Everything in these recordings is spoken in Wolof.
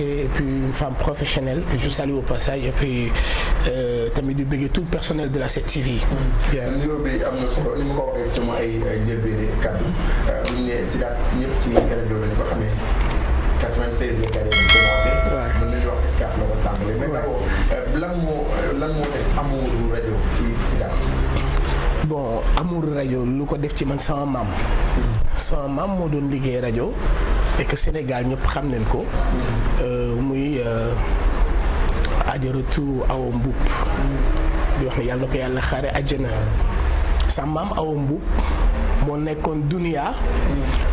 et puis une femme professionnelle que je salue au passage et euh, tamit di bëggee tout le personnel de la 7TV. Mm. am na solo ni ma ko waxee sama ay njëlbéen kàddu euh, bu ñu nee Sida ñëpp ci rajo bi ñu ko xamee 96 la carrière bi la ko tàmbalee. Euh, lan moo lan moo def amuuru rajo ci Sida. bon amuuru rajo lu ko def ci man sama maam. Mm. sama maam moo doon liggéey rajo. et que Sénégal ñëpp xam nañ ko euh, muy euh, ajaratu awa mbuub di wax ne yàlla na ko yàlla xaare àjjana sa maam awa mbuub moo nekkoon duniya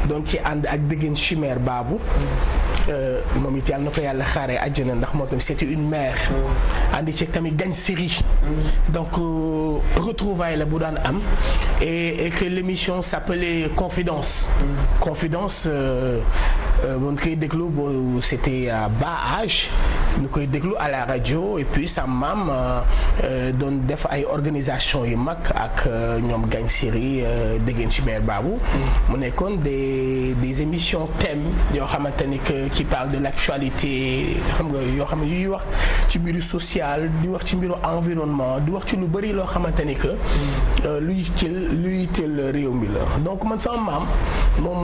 doon ci ànd ak dëggeen chimère baabu Euh, moom it yàlla na ko yàlla xaaree àjjana ndax moo tam c'était une mère. ànd ci tamit gañ série donc euh, retrouvaille la bu daan am et que l'émission s'appelait Confidence. Confidence euh, bu ñu koy déglu boobu bas âge. ñu koy déglu à la rajo et puis sa maam euh, euh, doon def ay organisation yu mag ak euh, ñoom gañ série déggeen ci mère Babou mu nekkoon des des émissions thèmes yoo xamante ni que qui parle de l'actualité xam nga yoo xam ne yuy wax ci mbiru social di wax ci mbiru environnement di wax ci lu bëri loo xamante ni que lu yitteel lu yitteel réew mi la donc man sama maam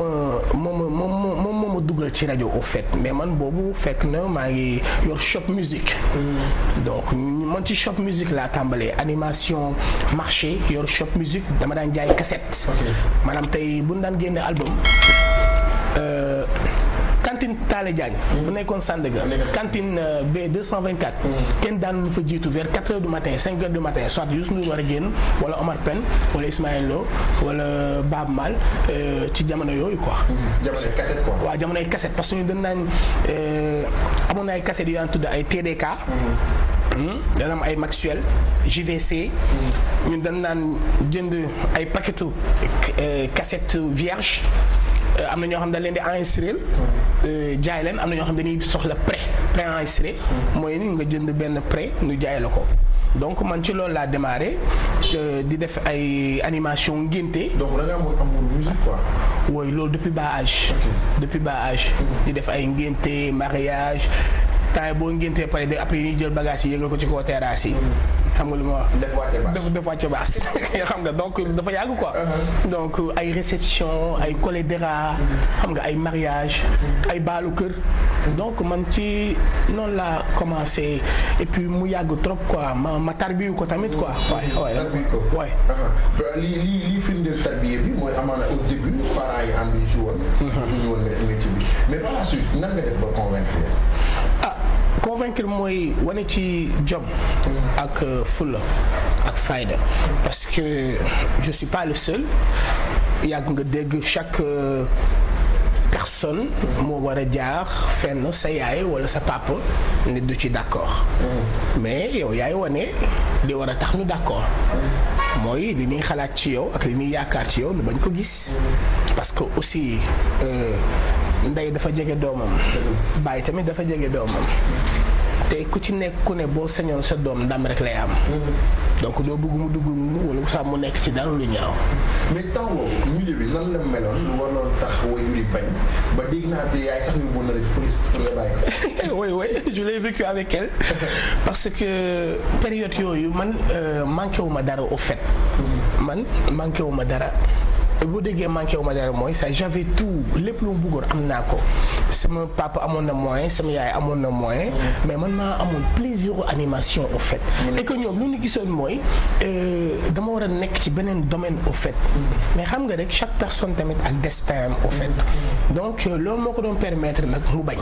moom moom moom ma dugal ci rajo au fait mais man boobu fekk na maa ngi yor shop musique mm. donc man ci shop musique laa tàmbalee animation marché yor shop musique dama daan jaay cassette maanaam tey bu ñu daan génne album Talla Diagne bu nekkoon Sandaga cantine euh, B 224 kenn daan nu fa jiitu vers 4 heures du matin 5 heures du matin soit Youssou Ndour war a génn wala Omar Pène wala Ismaël wala Baaba Maal euh, ci jamono yooyu quoi jamonoy cassette quoi parce que ñu dañ naan euh, amoon na ay cassette yu daan ay TDK hmm? dana am ay Maxwell JVC ñu dañ naan jënd ay paquetu cassette vierge Euh, am na ñoo xam dañ leen di enregistré euh, jaay leen am na ñoo xam dañuy soxla pré pré enregistré mooy ni nga jënd benn pré nu jaay la ko donc man ci loolu laa démarré euh, di def ay animation ngénte donc da nga amoon amour loolu depuis bas âge depuis bas âge mm-hmm. di def ay ngénte mariage temps boo ngéntee pare de après ñuy jël bagage yi ko ci kaw terrasse xam nga lu ma wax. def wàcce baas def def wàcce baas xam nga donc dafa yàgg quoi. Uh-huh. donc euh, ay réception ay collédera uh-huh. xam nga ay mariage uh-huh. ay baalu kër. donc man ci noonu la commencé et mu yàgg trop quoi ma ma tarbiyu ko tamit quoi. waaw waaw waaw. lii lii lii firndeel tarbiye bi mooy amaana au début parents yi ànd yu si mais par la suite convaincre mooy wane ci jom ak euh, fulla ak fayda parce que je suis pas le seul yàgg nga dégg chaque euh, personne moo war a jaar fenn sa yaay wala sa papa ne du ci d'accord mais yow yaay wane di war a tax nu d'accord mooy li ñuy xalaat ci yow ak li ñuy yaakaar ci yow nu bañ ko gis parce que aussi euh, ndey dafa jege doomam baay tamit dafa jege doomam te ku ci nekk ku ne boo sañoon sa doom ndam rek lay am donc doo bëgg mu dugg wala sax mu nekk ci dara lu ñaaw mais temps boobu milieu lan la meloon lu ba dégg naa te sax yóbbu na la ci police pour nga bàyyi ko avec elle parce que période yooyu man euh, manqué wu ma dara au fait mm-hmm. man manqué wu ma dara boo déggee manqué wu ma dara mooy ça j'avais tout lépp lu mu bëggoon am naa ko sama papa amoon na moyen sama yaay amoon na moyen mais man maa amoon plaisir animation au fait et que gisoon mooy euh, dama war a nekk ci beneen domaine au fait mais xam nga rek chaque personne tamit ak destin au fait donc euh, loolu moo ko doon permettre nag mu bañ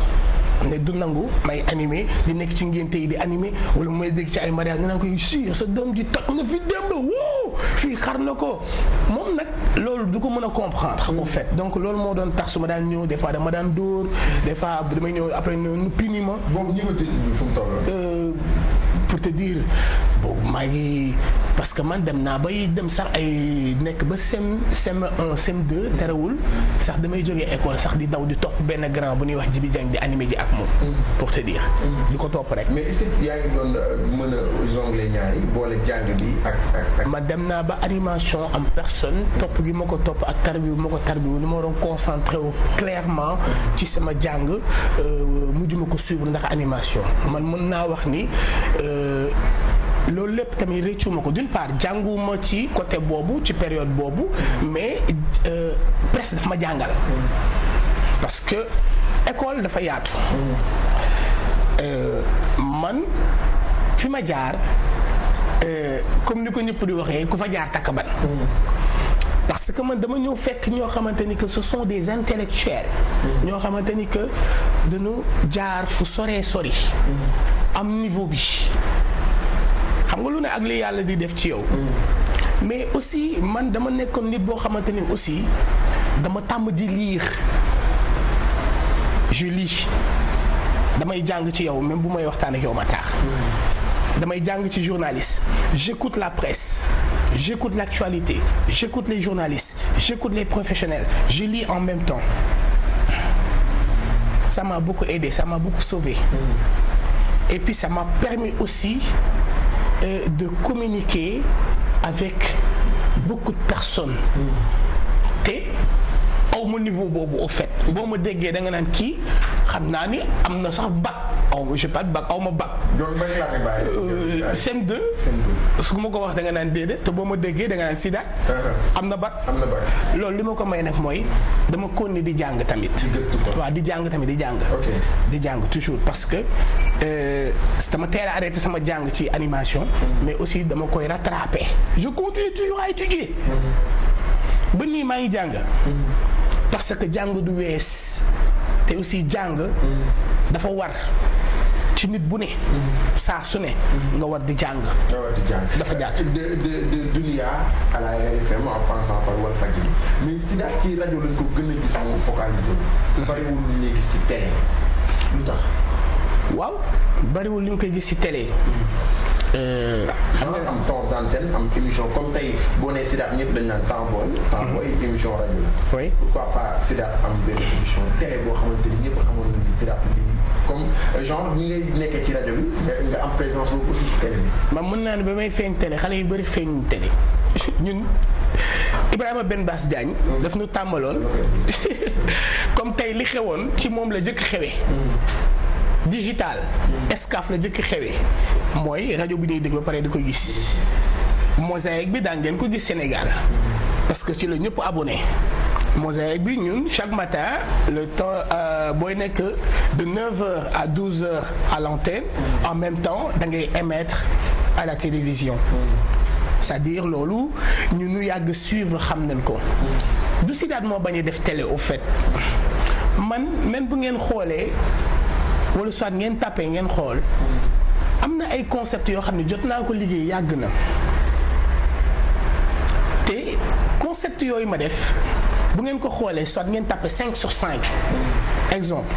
ne du nangu may animé di nekk ci ngénte yi di animé wala may dégg ci ay mariage ñu naan si sa doom ji toj na fi démb woo fii xar na ko moom nag loolu du ko mën a comprendre au fait donc loolu moo doon tax su ma daan ñëw des fois dama daan dóor des fois damay ñëw après ñu pini ma. boobu ñi nga tëj bi fu mu toll euh, pour te dire maa ngi parce que man dem naa ba dem sax ay nekk ba sem sem 1 sem 2 terewul sax damay jóge école sax di daw di topp benn grand bu ñuy wax Jibi Dieng di animé ji ak moom. Mm. pour te dire. Mm. ko topp rek. mais est-ce que yaa euh, a boole jàng bi ak ma dem naa ba animation am personne topp gi ma ko topp ak tarbi wu ma ko tarbi wu ni ma doon concentré wu clairement ci sama jàng euh, mujj ma ko suivre ndax animation man mën naa wax ni. Euh, loolu lépp tamit rëccu ma ko d'une part jànguma ci côté boobu ci période boobu mais euh, presse daf ma jàngal parce que école dafa yaatu euh, man fi ma jaar euh, comme ni ko ñëpp di waxee ku fa jaar takk ban parce que man dama ñëw fekk ñoo xamante ni que ce sont des intellectuels ñoo xamante ni que dañu jaar fu soree sori am niveau bi xam nga lu ne ak li yàlla di def ci yow. mais aussi man dama nekkoon nit boo xamante ni aussi dama tàmm di lire je damay jàng ci yow même bu may waxtaan ak yow ma taax damay jàng ci journaliste j'écoute la presse j'écoute l'actualité j'écoute les journalistes j'écoute les professionnels je lis en même temps sama m'a beaucoup aidé ça m'a beaucoup sauvé et puis ça permis aussi euh, de communiquer avec beaucoup de personnes te aw ma niveau boobu au fait boo ma déggee da nga naan kii xam naa ni am na sax bac aw ma je sais pas bac ma bac. CM2. Euh, ma ko wax da nga naan déedéet te boo ma déggee danga nga naan sida. Uh-huh. am na ba am na loolu li ma ko may nag mooy dama kon di jàng tamit. waaw di jàng tamit di jàng. di jàng toujours parce que euh, dama teel a sama jàng ci animation. Mm-hmm. mais aussi dama koy rattraper. je continue toujours à étudier. Mm-hmm. ba nii maa ngi jàng. Mm-hmm. parce que jàng du wees te aussi jàng dafa war. ci bu ne. saa su ne. nga war di jàng. nga war di jàng dafa jàng. de de de Dunia à la RFM en pensant par Walfadjri mais Sida ci rajo lañ ko gën a gis moom focalisé ci télé lu tax. waaw bariwul li ñu koy gis ci télé. xam nga am temps d'antenne am émission comme tey boo nee Sida ñëpp dañ naan temps booy. temps booy émission rajo boo xamante ni ñëpp xamoon lii. comme euh, genre ci rajo bi aussi ci mën naa ne ba may feeñ télé xale yu bëri feeñ télé ñun Ibrahima Ben Bass Diagne. Mm. daf ñu tàmbaloon comme tey li xewoon ci moom la jëkk xewe mm. digital. Mm. escaf la jëkk xewe mooy rajo bi ñuy déglu ba pare di ko gis mosaïque bi daa ko gis Sénégal parce que ci la ñëpp abonné. mosaïque bi ñun chaque matin le temps euh, booy nekk de 9h à 12h à l'antenne en même temps dangay émettre à la télévision c'est-à-dire loolu ñu nu yàgg suivre xam nañ ko du Sidaat moo bañ a def télé au fait man même bu ngeen xoolee wala soit ngeen tàppee ngeen xool am na ay concept yoo xam ne jot naa ko liggéey yàgg na te concept yooyu ma def bu ngeen ko xoolee soit ngeen tapé 5 sur 5 exemple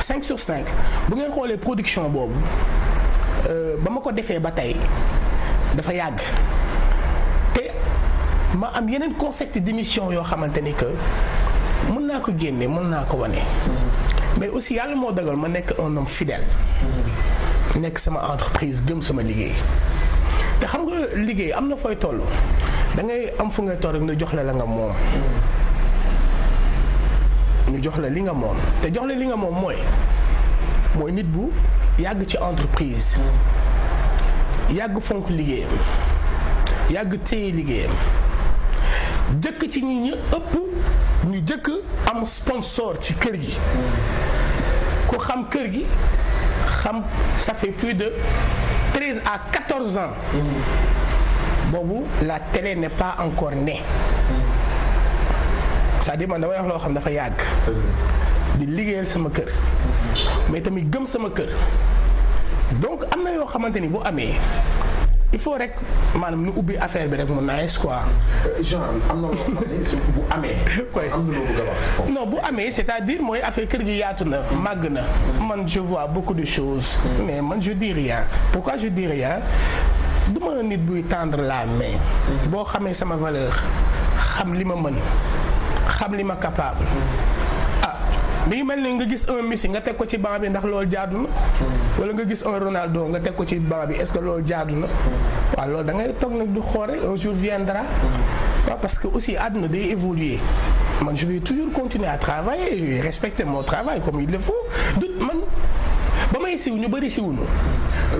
5 sur 5 bu ngeen xoolee production boobu euh, ba ma ko defee ba tey dafa yàgg te ma am yeneen concept d'émission yoo xamante ni que mën naa ko génne mën naa ko wane. mais aussi yàlla moo dagal ma nekk un homme fidèle nekk sama entreprise gëm sama liggéey te xam nga liggéey am na fooy toll da ngay am fu ngay toll rek ñu jox la la nga moom ñu jox la li nga moom te jox la li nga moom mooy mooy nit bu yàgg ci entreprise yàgg fonk liggéeyam yàgg téye liggéeyam jëkk ci ñi ëpp ñu jëkk am sponsor ci kër gi ku xam kër gi xam ça plus de treize à quatorze ans mm-hmm. boobu la télé ne pas encore née c'est-à-dire damay wax loo xam dafa yàgg. di liggéeyal sama kër. mais tamit gëm sama kër. donc am na yoo xamante ni bu amee. il faut rek maanaam nu ubbi affaire bi rek mu nice quoi. Euh, am na loo bu amee. am bu amee c'est-à-dire mooy affaire kër gi yaatu na màgg na. man je vois beaucoup de choses. Mm. mais man je dis rien. pourquoi je dis rien du nit buy tendre la main. Mm. boo xamee sama valeur xam li ma mën. xam li ma capable ah mi mel ni nga gis un Messi nga teg ko ci banc bi ndax loolu jaadu na wala nga gis un Ronaldo nga teg ko ci banc bi est-ce que loolu jaadu na waaw loolu da ngay toog nag du xool un jour viendra waaw parce que aussi àdduna day évoluer man je vais toujours continuer à travailler je vais respecter mon travail comme il le faut man siw ñu bëri siwuñu.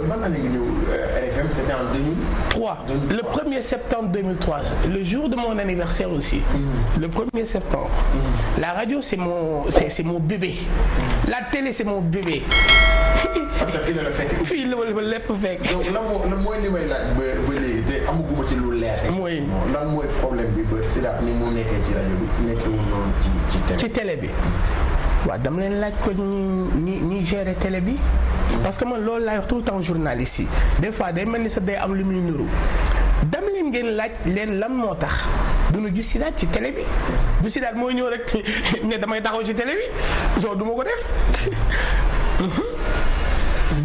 ban année nga ñëw euh, RFM c'était le 1er septembre 2003 le jour de mon anniversaire aussi. Mm. le 1 septembre. Mm. la radio c'est mon c'est c'est mon bébé. Mm. la télé c'est mon bébé. parce que fii la la fekk. fii la ci lu leer. mooy lan mooy problème bi ba Sidath ni mu nekkee ci rajo bi nekkee waaw dama leen laaj ko ñi ñi gérer télé bi. parce que man loolu laay wax tout le temps yi des fois day mel ni sax day am lu muy niru dam leen ngeen laaj leen lan moo tax du ñu gis Sidath ci télé bi du Sidath mooy ñëw rek ne damay taxaw ci télé bi loolu du ma ko def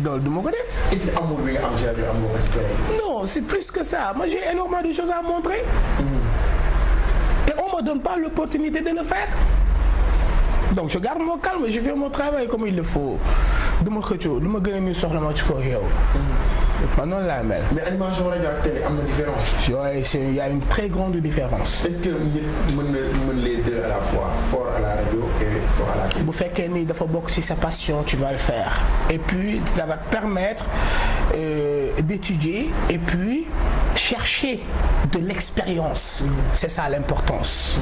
loolu du ko def. am ci rajo am nga plus que ça moi j'ai énormément de choses à montrer. Mm-hmm. et on me donne pas l'opportunité de le faire. donc je garde mon calme je fais mon travail comme il le faut du ma xëccoo lu ma gën a nuyu soxla ma ci ko yow. man noonu la mel. mais animation rajo am na différence. yooyu c'est il y a une très grande différence. est-ce que nit mën na mën les deux à la fois fort à la radio et fort à la bu fekkee ni dafa bokk ci sa passion tu vas le faire et puis ça va te permettre euh, d'étudier et puis. chercher de l'expérience c'est ça l'importance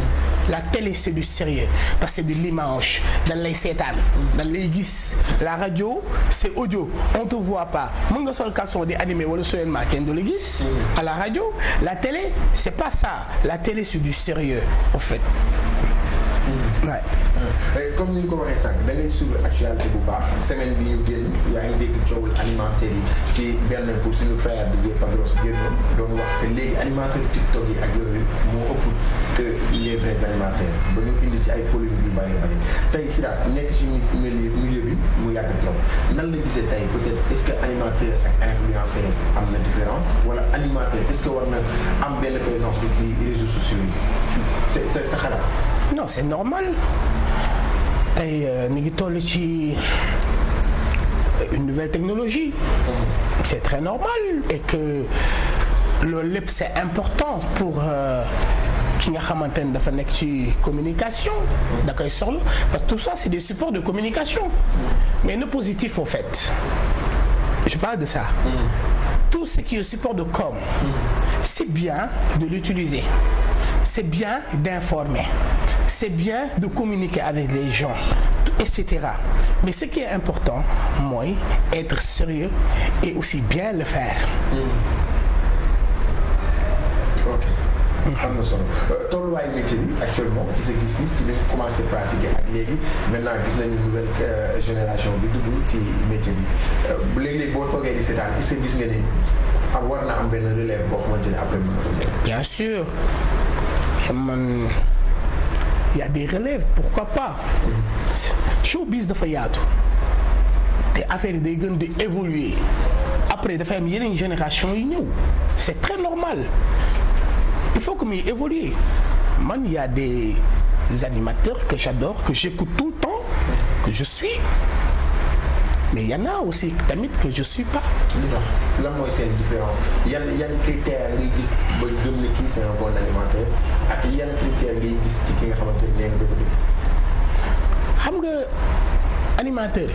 la télé c'est du sérieux parce que c'est de l'image dañ lay seetaan dañ lay gis la radio c'est audio on te voit pas mën nga sol caleçon di animé wala solennement kenn du la gis à la radio la télé c'est pas ça la télé c'est du sérieux en fait waay. Euh, comme ni ñu ko waxee sànq da ngay suivre actualité bu baax semaine bi ñu génn yaa ngi dégg coowul alimentaire yi ci benn pour suñu frère bi Dièye Padros génn doon wax que léegi alimentaire TikTok yi ak yooyu moo ëpp que les vrais ba ñu indi ci ay polémique yu bari bari tey Siraat nekk ci milieu milieu bi mu yàgg trop nan la gisee tey peut-être est-ce que animateur ak influenceur am na différence wala animateur est-ce que war na am benn présence bi ci réseaux sociaux yi sa sa non c'est normal tey euh, ñu ngi toll ci une nouvelle technologie. c'est très normal et que loolu lépp c'est important pour. Euh, ki nga xamante ne dafa nekk ci communication da koy soxla parce que tout ça c'est des supports de communication mais le positif au fait je parle de ça tout ce qui est support de com c'est bien de l'utiliser c'est bien d'informer c'est bien de communiquer avec les gens et cetera mais ce qui est important mooy être sérieux et aussi bien le faire. ok. Mm-hmm. am na solo euh, tolluwaay métier bi actuellement ci sa gis ci biir commencé pratiquer ak léegi maintenant gis nañu nouvelle euh, génération bi dugg ci métier bi euh, léeg-léeg boo toogee di seetaan est-ce que gis nga ni am war na am benn relève boo xamante ne après bien sûr il y a des relèves pourquoi pas showbiz dafa yaatu te affaire yi day gën di évoluer après dafay am yeneen génération yi ñëw c'est très normal il faut que muy évoluer man il y a des animateurs que j'adore que j'écoute tout le temps que je suis mais y en a aussi tamit que je suis pas. non lan mooy seen différence yan yan critères ngay gis ba gëm ne kii c'est un bon alimentaire ak yan critères ngay gis ci ki nga xamante ne nee nga xam nga animateur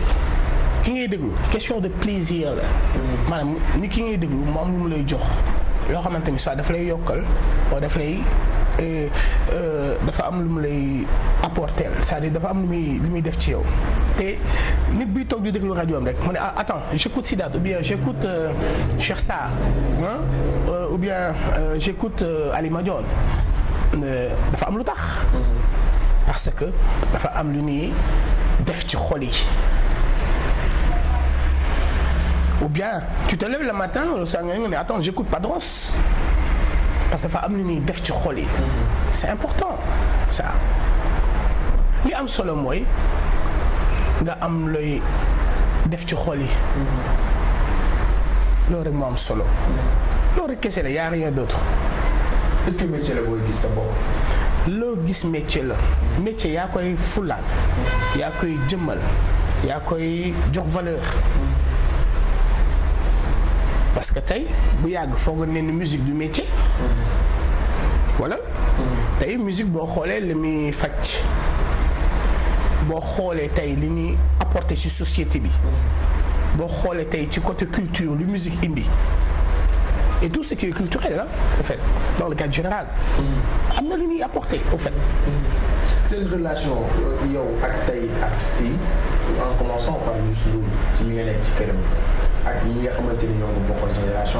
ki ngay déglu question de plaisir la. Mm. maanaam ni ki ngay déglu moom lu mu lay jox loo xamante ni soit daf lay yokkal wala daf lay. Euh, euh, dafa am lu mu lay apporter cest dafa am lu muy lu muy def ci yow te nit buy toog di déglu rajo am rek mu ne ah attends j'écoute Sidath ou bien j'écoute euh, Cheikh Sarr ah ou bien j'écoute dafa am lu tax parce que dafa am lu ñuy def ci xoli yi ou bien tu te lèves le matin saa nga ne attends j'écoute Padros parce que dafa am lu ñuy def ci xol yi c'est important ça li am solo mooy nga am looy def ci xol yi loolu rek moo am solo loo rek kese la y a rien sa bopp loo gis métier la métier yaa koy fulaal yaa koy jëmmal yaa koy jox valeur parce que tey bu yàgg foog foogoon ne ni musique du métier. wala tey musique boo xoolee li muy faj boo xoolee tey li ñuy apporter ci société bi boo xoolee tey ci côté culture li musique indi et tout ce qui est culturel hein, au fait dans le cadre général am na lu ñuy apporter au fait relation euh, yow ak tey artistes yi commençant par Youssou Ndour ci li nga nekk ci këram ak ñi nga xamante ni ñoo ngi bokkoon génération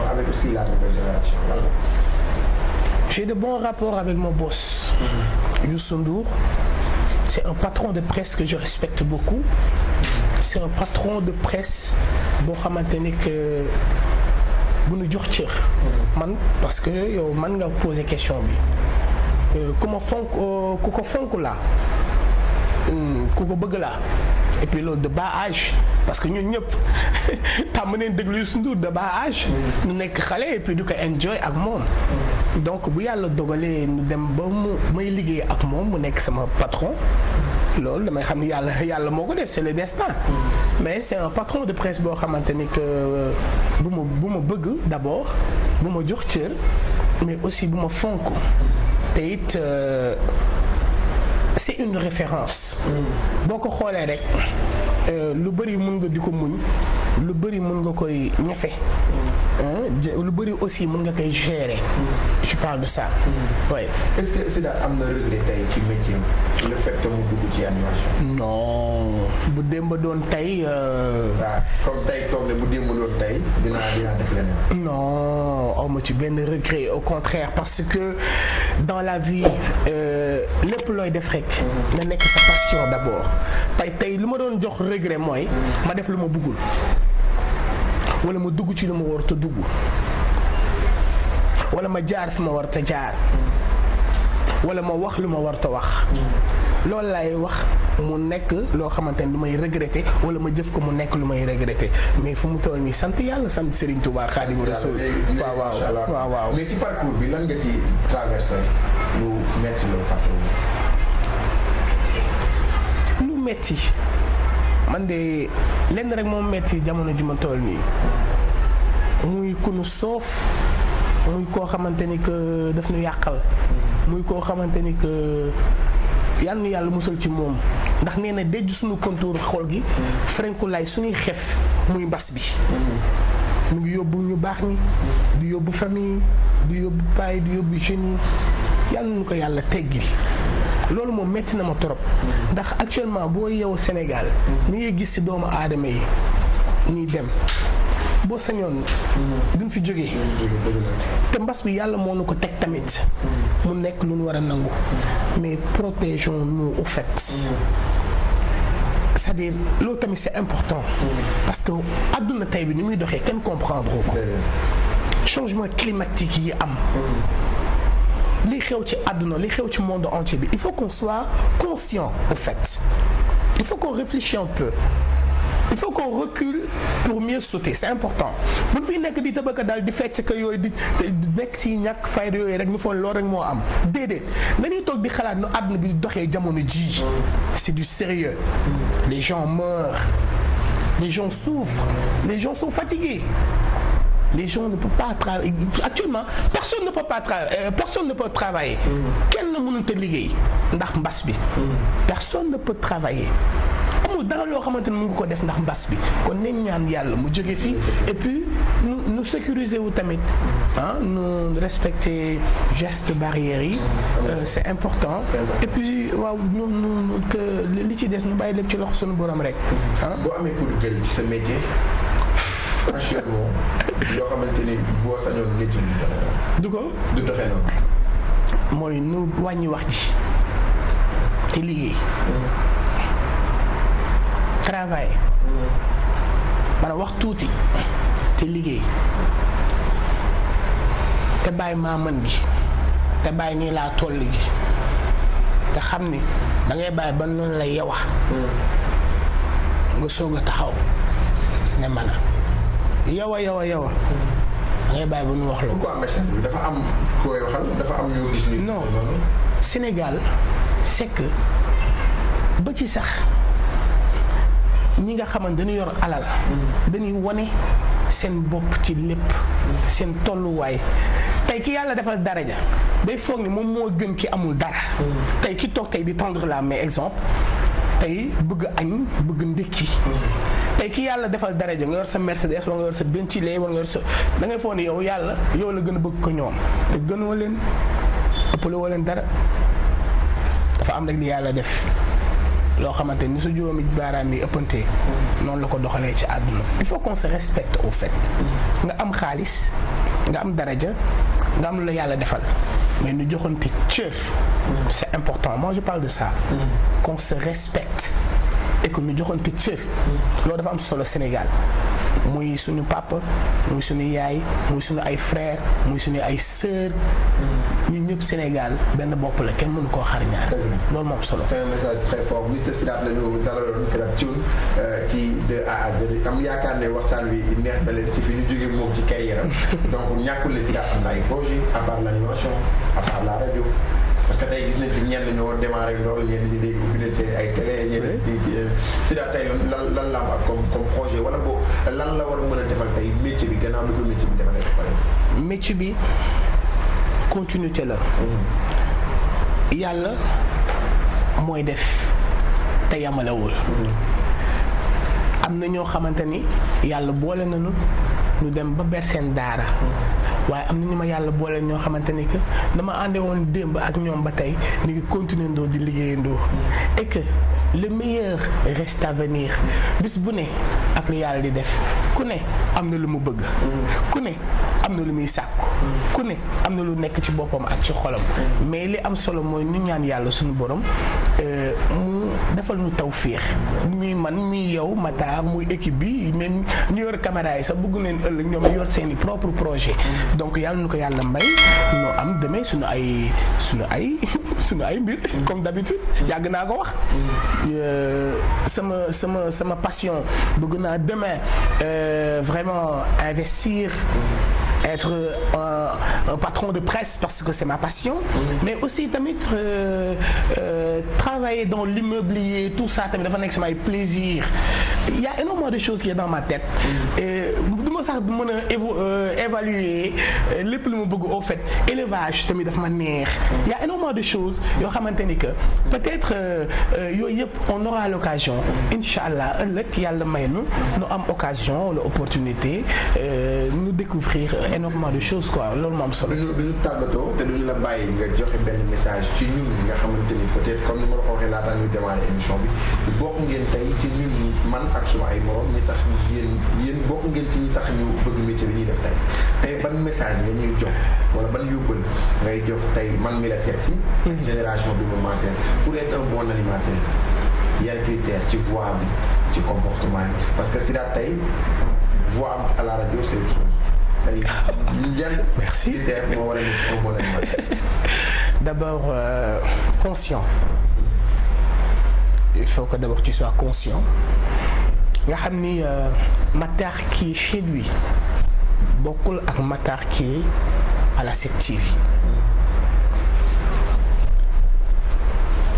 de bons rapports avec mon boss. Mm-hmm. Youssou c'est un patron de presse que je respecte beaucoup. c'est un patron de presse boo xamante ni que bu jox cër. Mm-hmm. parce que yow man nga poser question bi euh, ku ma fonk euh, ku ko fonk hmm, et puis loolu de bas âge. parce que ñun ñëpp tàmm neen déglu Youssou Ndour de bas âge nekk xale et puis du ko enjoy ak moom donc bu yàlla dogalee ñu dem ba mu may liggéey ak moom mu nekk sama patron loolu damay xam ni yàlla yàlla moo ko def le destin mais c'est un patron de presse boo xamante ni que euh, bu ma ma bëgg d'abord bu ma jox cër mais aussi bu ma fonk te it euh, c'est une référence boo ko xoolee rek Euh, lu bëri mën nga di ko muñ lu bëri mën nga koy ñafe lu bëri aussi mën nga koy gérer. je parle de ça. Hmm. oui est-ce que am na regret tey ci métier le fait que mu dugg ci bu démb doon tey. waaw euh, ah, comme toog ne bu démb tey dinaa dinaa def leneen. ma ci benn regret au contraire parce que dans la vie euh, lépp looy def rek. Hmm. na nekk sa passion d'abord tey tey lu ma doon jox regret mooy. ma def lu ma bëggul. wala ma dugg ci lu ma war dugg wala ma jaar fu ma war ta jaar wala ma wax lu ma war ta wax loolu lay wax mu nekk loo xamante ni lu may regretter wala ma jëf ko mu nekk lu may regretter mais fu mu toll nii sant yàlla sant Serigne Touba Xaadimu Rasuul waaw waaw waaw bi lan nga ci traversé lu lu metti man de lenn rek moom metti jamono ji ma toll nii muy kunu soof muy koo xamante ni que daf nu yàqal muy koo xamante ni que yal nu yàlla musal ci moom ndax nee na déj suñu contour xool gi frenkulaay suñuy xef muy mbas bi mu ngi yóbbu ñu baax ni du yóbbu famille du yóbbu paay du yóbbu jeunes yi yàlla nu ko yàlla teggil loolu moom metti na ma trop ndax actuellement boo yeewu Sénégal ni ngay gis ci doomu aadama yi ñuy dem boo sañoon duñ fi jógee te mbas bi yàlla moo na ko teg tamit mu nekk lu ñu war a nangu mais protégeons-nous au fait c'est-à-dire loolu tamit c'est important parce que àdduna tey bi ni muy doxee kenn comprendre ko eh. changement climatique yi am li xew ci àdduna li xew ci monde entier bi il faut qu'on soit conscient au fait il faut qu'on réfléchisse un peu il faut qu'on recule pour mieux sauter c'est important bu fi nekk di tëbëkk daal di fecc que yooyu di nekk ci ñàkk fayda yooyu rek ni foog loolu rek moo am déedéet nañuy toog bi xalaat nu àdduna bi doxee jamono jii c'est du sérieux les gens meurent les gens souffrent les gens sont fatigués les gens pou pa pas travailler actuellement personne ne peut pas travailler euh, personne ne peut travailler. Mm. kenn mënut a liggéey ndax mbas bi. Mm. personne ne peut travailler. amul dara loo xamante ne mu ngi ko def ndax mbas bi kon nañ ñaan yàlla mu jóge fii et puis nu nu sécuriser wu tamit ah nu respecter gestes barrières yi mm. euh, c' est important et puis waaw nu nu que li ci des nu bàyyi lépp ci loxo suñu borom rek ah. boo amee kuréel ci sa métier. actuellement yoo du ko du doxee noonu. mooy nu wàññi wax ji te liggéey. travail. maanaam wax tuuti te liggéey te bàyyi maa gi te bàyyi nii laa toll gi te xam ni dangay ngay bàyyi ba noonu lay yewa mm. nga soog a taxaw ne mën yawa yawa yawa da bàyyi ba ñu wax la. pourquoi médecin bi dafa am dafa am ñoo gis ni. non Sénégal c'est ba ci sax ñi nga xaman dañu yor alal. dañuy wane seen bopp ci lépp. seen tolluwaay. tey ki yàlla defal dara ja day foog ni moom moo gën ki amul dara. tey ki toog tey di tendre la main exemple tey bëgg añ bëgg ndékki. tey ki yàlla defal daraja nga yor sa Mercedes wala nga yor sa Bentley wala nga yor sa da ngay foog ne yow yàlla yow la gën a bëgg ko ñoom te gënoo leen ëppale woo leen dara dafa am rek li yàlla def loo xamante ni su juróomi baaraam yi ëppantee noonu la ko doxalee ci àdduna il faut qu'on au fait nga am xaalis nga am daraja nga am lu la yàlla defal mais nu joxante cër c'est important moi je parle de ça mm-hmm. qu'on se respecte respecté ko jox joxoon cër loolu dafa am solo Sénégal muy suñu papa muy suñu yaay muy suñu ay frère muy suñu ay sœur ñun ñëpp Sénégal benn bopp la kenn mënu koo xar ñaar loolu moom solo c'est un message très fort Mister Sidat la ñu dalaloon Sidat Thioune euh, ci de A à Z am yaakaar ne waxtaan wi neex na leen ci fi ñu jógee moom ci carrière donc ñàkkul ne Sidat am na ay projet à part la radio parce que tey gis nañ fi ñenn ñoo démarré loolu ñenn ñi léegi ubbi leen seen ay télé ñenn euh, lan lan lan la am ak comme comme projet wala boo lan la war a mën a defal tey métier bi gannaaw lu ko métier bi defalee pare métier bi continuité la mm-hmm. yàlla mooy def te yamalewul mm-hmm. am na ñoo xamante ni yàlla boole nañu ñu dem ba ber seen daara mm-hmm. waaye am na ñu ma yàlla boole ñoo xamante ni dama àndee woon démb ak ñoom ba tey ñu ngi continuer di liggéeyandoo et que le meilleur reste à bis bu ne ak lu yàlla di def ku ne am na lu mu bëgg ku ne am na lu muy sàkku ku ne am na lu nekk ci boppam ak ci xolam mais li am solo mooy nu ñaan yàlla suñu borom euh, mu defal nu tawféex muy man muy yow Matar muy équipe bi même ñu yor caméra yi sax bëgg leen ëllëg ñoom yor seeni propre projet donc yàlla ko yàlla mbay noo am demee suñu ay suñu ay suñu ay mbir comme d'habitude yàgg naa ko wax euh, sama sama sama passion bëgg naa demee euh, vraiment investir être euh, un patron de presse parce que c'est ma passion mm. mais aussi tamit euh, euh, travailler dans l'immobilier tout ça tamit dafa nekk samay plaisir il y de choses qui est dans ma tête. et du ma sax mën a euh, évaluer euh, lépp lu ma bëgg au fait élevage tamit daf ma neex. il y de chose yoo xamante ni que peut-être euh, yooyu yëpp on aura l'occasion incha allah ëllëg yàlla may nu nu am occasion wala opportunité nu découvrir énormément de choses quoi loolu moo am solo. du tàggatoo te duñu la bàyyi nga joxe benn message ci ñun nga xamante ni peut-être comme ni ma la ko waxee laata ñuy démarrer ak suma ay morom ñi tax ñu yéen ci ñi bëgg métier bi ñuy def tey tey ban message nga wala ban yóbbal ngay tey man mi la seet si yaa mm-hmm. bi mu maasee pour être un bon animateur ci voix bi ci comportement yi parce que si daal tey voix à la radio c'est autre chose tey a nekk un euh, conscient il faut que d'abord tu sois conscient nga xam ni euh, Matar qui est chez bokkul ak Matar ki est à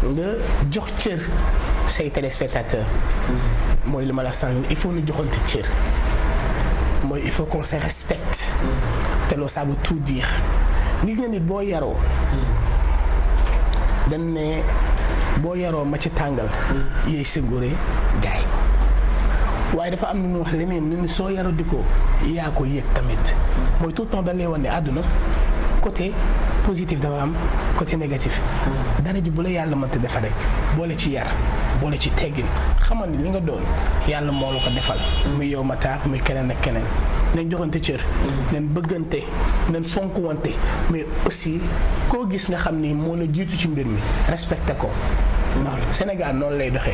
nga jox cër say téléspectateurs mooy li ma la sànq il faut ñu joxante cër mooy il faut qu'on se respecte te loolu ça veut tout dire nit nga nit boo yaroo dañ ne boo yaroo ma ci tàngal yéey sa gaay waaye dafa am lu ñu wax leneen ni soo yaradikoo yaa ko yéeg tamit mooy tout le temps dañ wan ne àdduna côté positif dafa am côté négatif dara ji bu la yàlla mënta defal rek boole ci yar boole ci teggin xamal ni li nga doon yàlla moo la ko defal muy yow ma taax muy keneen ak keneen nañ joxante cër nañ bëggante nañ fonkuwante mais aussi koo gis nga xam ni moo la jiitu ci mbir mi respecté ko ndax Sénégal noonu lay doxee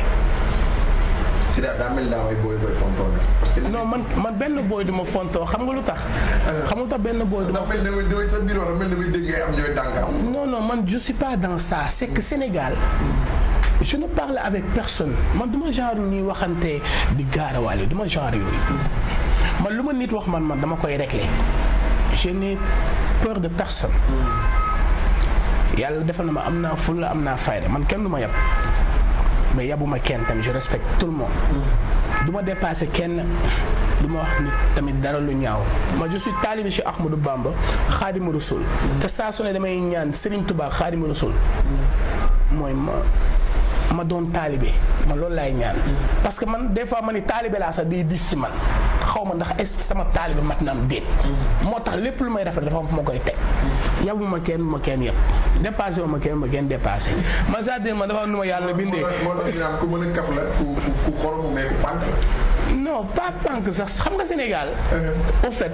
Sida daa mel daa may booy booy fontoo nag. parce que non man man benn booy du ma fontoo xam nga lu tax. Euh. xam nga lu tax benn booy du ma. fontoo da mel ni sa bureau da mel ni muy dégg am ñooy dànga man je suis pas dans ça c'est que Sénégal. je ne personne man du ma genre ñuy waxante di gaarawaale du ma genre yooyu man lu ma nit wax man man dama koy régler je n'ai peur de personne hmm. yàlla defal na ma am naa fulla am naa fayda man kenn du ma yab ma yabuma kenn tamit je respecte tout le monde. du ma dépassé kenn du ma wax nit tamit dara lu ñaaw. ma je suis taalibe ci Ahmadou Bamba Xaadimu Rasul te saa su ne damay ñaan Serigne Touba Xaadimu Rasul mooy ma ma doon taalibe ma loolu laay ñaan. parce man des fois ma ni laa sax day dis si man. xaw ma ndax est sama taalibe mat na am déet. moo tax lépp lu may rafet dafa am ma koy teg. yabu ma kenn ma kenn yab dépassé wu ma kenn ma kenn dépassé man saa ma dafa am ma yàlla bindee. ku mën a kaf la ku ku xoromu mais ku pànk la. sax xam nga Sénégal. Uh-huh. au fait.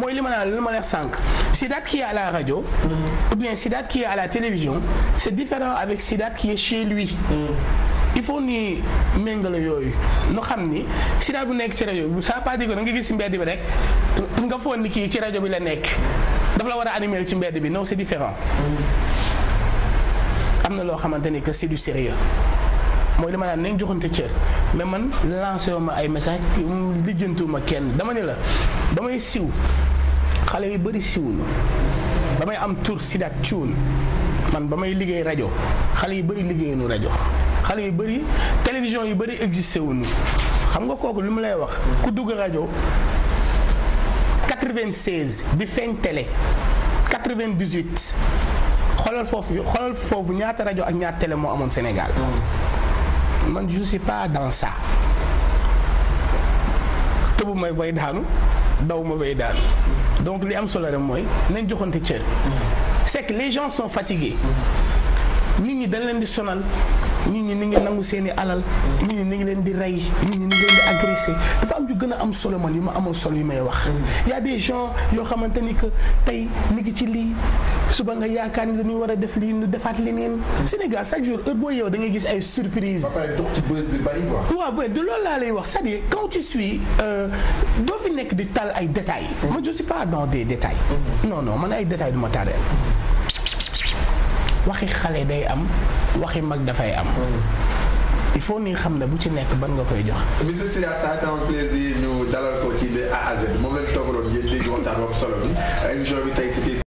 mooy li ma naan li ma neex sànq Sidath qui est à la radio. Uh-huh. ou bien Sidath qui est à la télévision c'est différent avec Sidath qui est chez lui. Uh-huh. il faut nii méngale yooyu nu xam ni sida bu nekk ci rajo bi ça pas dire que gis ci mbedd bi rek nga foog ni kii ci rajo bi la nekk dafa la war a animer ci mbedd bi non c'est différent am na loo xamante ni que c'est du sérieux mooy li ma naan joxante cër mais man lancé wu ma ay message lijjantuwuma kenn dama ne la damay siw xale yu bëri siwuñu damay am tur Sidath Thioune man ba may liggéey rajo xale yu bëri liggéeyuñu rajo xale yu bëri télévision yu bëri existé wuñu xam nga kooku li mu lay wax ku dugg rajo 96 bi feeñ télé 98 xoolal foofu xoolal foofu ñaata rajo ak ñaata télé moo amoon Sénégal man je suis pas dans ça tëbu may bay daanu daw ma bay daanu donc li am solo rek mooy nañ joxante cër c'est que les gens sont fatigués nit ñi dañ leen di sonal nit ñi ni ngi nangu seen i alal nit ñi ni ngi leen di rey nit ñi ni ngi leen di agressé dafa am yu gën a am solo man yu ma amoon solo yu may wax y a des yoo xamante ni que tey ni ngi ci lii suba nga yaakaar ni dañuy war a def lii ñu defaat leneen Sénégal chaque jour heure boo yow dangay ngay gis ay surprise waaw booy de loolu laa lay wax c'est-à-dire quand tu suis euh, doo fi nekk di tal ay détails mm-hmm. ma je suis pas dans des détails mm-hmm. non non man ay détails du ma waxi xale day am waxi mag dafay am. il faut ni xam ne bu ci nekk ban nga koy jox. monsieur Sylla ça a été un plaisir ñu dalal ko ci de A à Z moom lañ toogaloon ngeen dégg waxtaan bu solo bi émission bi tey